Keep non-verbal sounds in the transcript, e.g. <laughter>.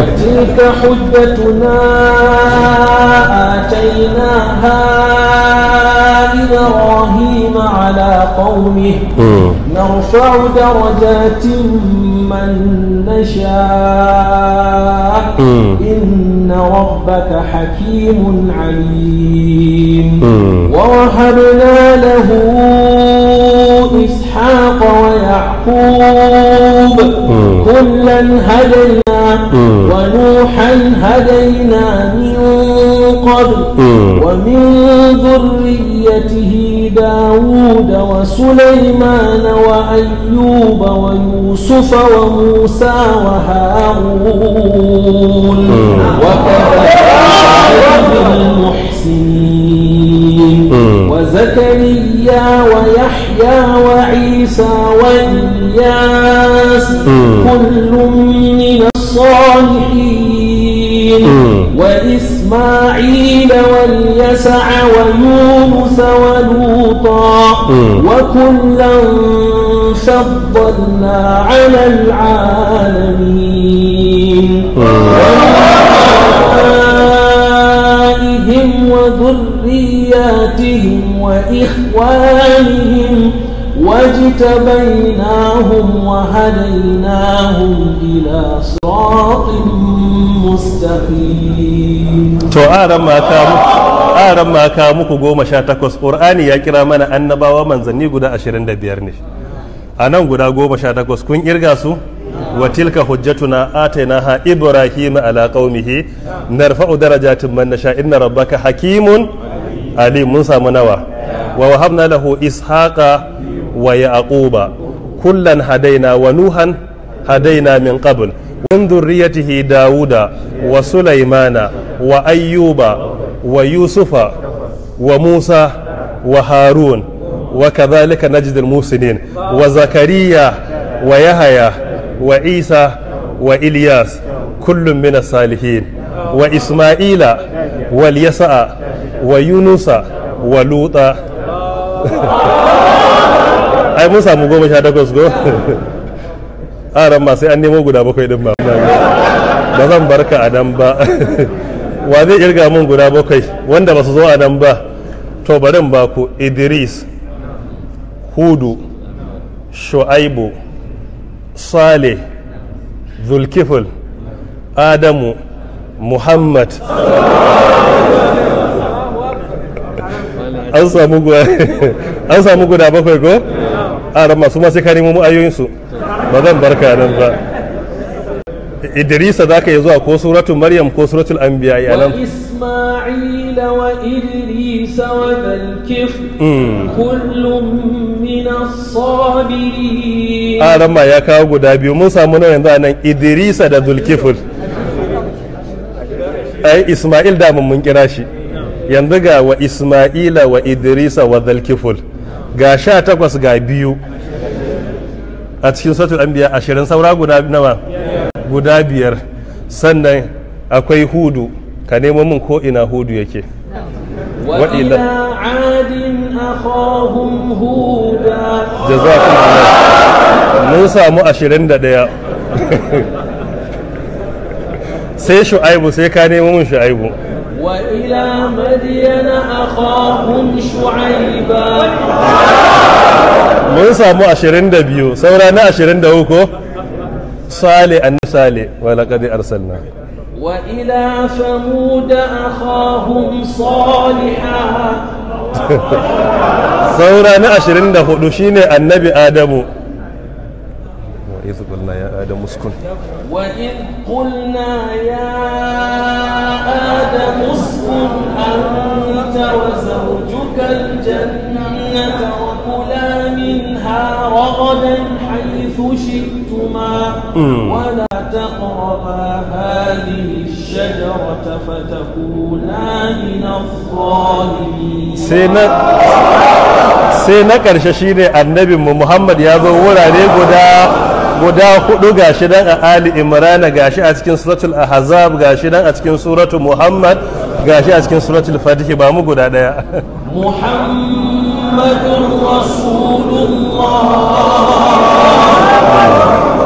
وتلك حجتنا آتيناها إبراهيم على قومه نرفع درجات من نشاء إن ربك حكيم عليم ووهبنا له إسحاق ويعقوب كلا هدينا ونوحا هدينا من قبل ومن ذريته داود وسليمان وأيوب ويوسف وموسى وهارون وكذلك والياس كل من الصالحين وإسماعيل واليسع ويونس ولوطا وكلا فضلنا على العالمين وآبائهم وذرياتهم وإخوانهم واجتبيناهم وهديناهم إلى صراط مستقيم to aran ma ka muku goma sha takwas ƙur'ani ya kira mana annabawa manzanni guda ashirin da biyar ne a nan guda goma sha takwas kun ƙirga su wa tilka hujjatuna ha ibrahim ala qaumihi narfa'u darajatin man nasha inna rabbaka hakimun Ali mun samu nawa wa wahabna lahu ishaqa wa yaquba kullan hadaina wa nuhan hadaina min qabl min dhurriyyatihi dauda wa sulaimana wa ayyuba wa yusufa wa musa wa harun wa kadhalika najid al-musinin wa zakariya wa yahaya wa isa wa ilyas kullum min salihin wa isma'ila wal yasa'a wa yunusa wa luta <laughs> ai mun samu goma sha takwas go a ran ma sai an nemo guda bakwai din ba ba zan barka a nan ba wa zai kirga mun guda bakwai wanda ba su zo a nan ba to barin ba ku idris hudu shu'aibu saleh zulkifil adamu muhammad an samu guda bakwai ko? a masu su ma sai ka nemo ayoyinsu ba zan barka nan ba idrisa za ka yi zuwa ko suratul maryam ko suratul anbiya a nan isma'ila wa idrisa wa dalkif hmm. kullum min as-sabirin a rama ya kawo guda biyu mun samu nan yanzu anan idrisa da A ai isma'il da mun kira shi yanzu ga wa isma'ila wa idrisa wa dalkifil ga sha takwas ga biyu a cikin an anbiya ashirin saura guda nawa guda biyar sannan akwai hudu ka nemo min ko ina hudu yake وإلى عاد أخاهم هودا جزاكم الله mun samu ashirin da daya <laughs> sai shu'aibu sai ka nemo mun shu'aibu وإلى مدين أخاهم شعيبا mun samu 22 saura na 23 ko sale an sale wa laqad arsalna wa ila samud akhahum salihan saura na 24 shine annabi adamu وإذ قلنا يا آدم اسكن وإذ قلنا يا آدم اسكن أنت وزوجك الجنة وكلا منها رغدا حيث شئتما ولا تقربا هذه الشجرة فتكونا من الظالمين sai na ƙarshe shine annabinmu muhammad ya zo wurare guda guda hudu gashi nan a ali imrana gashi a cikin suratul ahzab gashi nan a cikin suratul muhammad gashi a cikin suratul fatih ba mu guda daya muhammadur rasulullah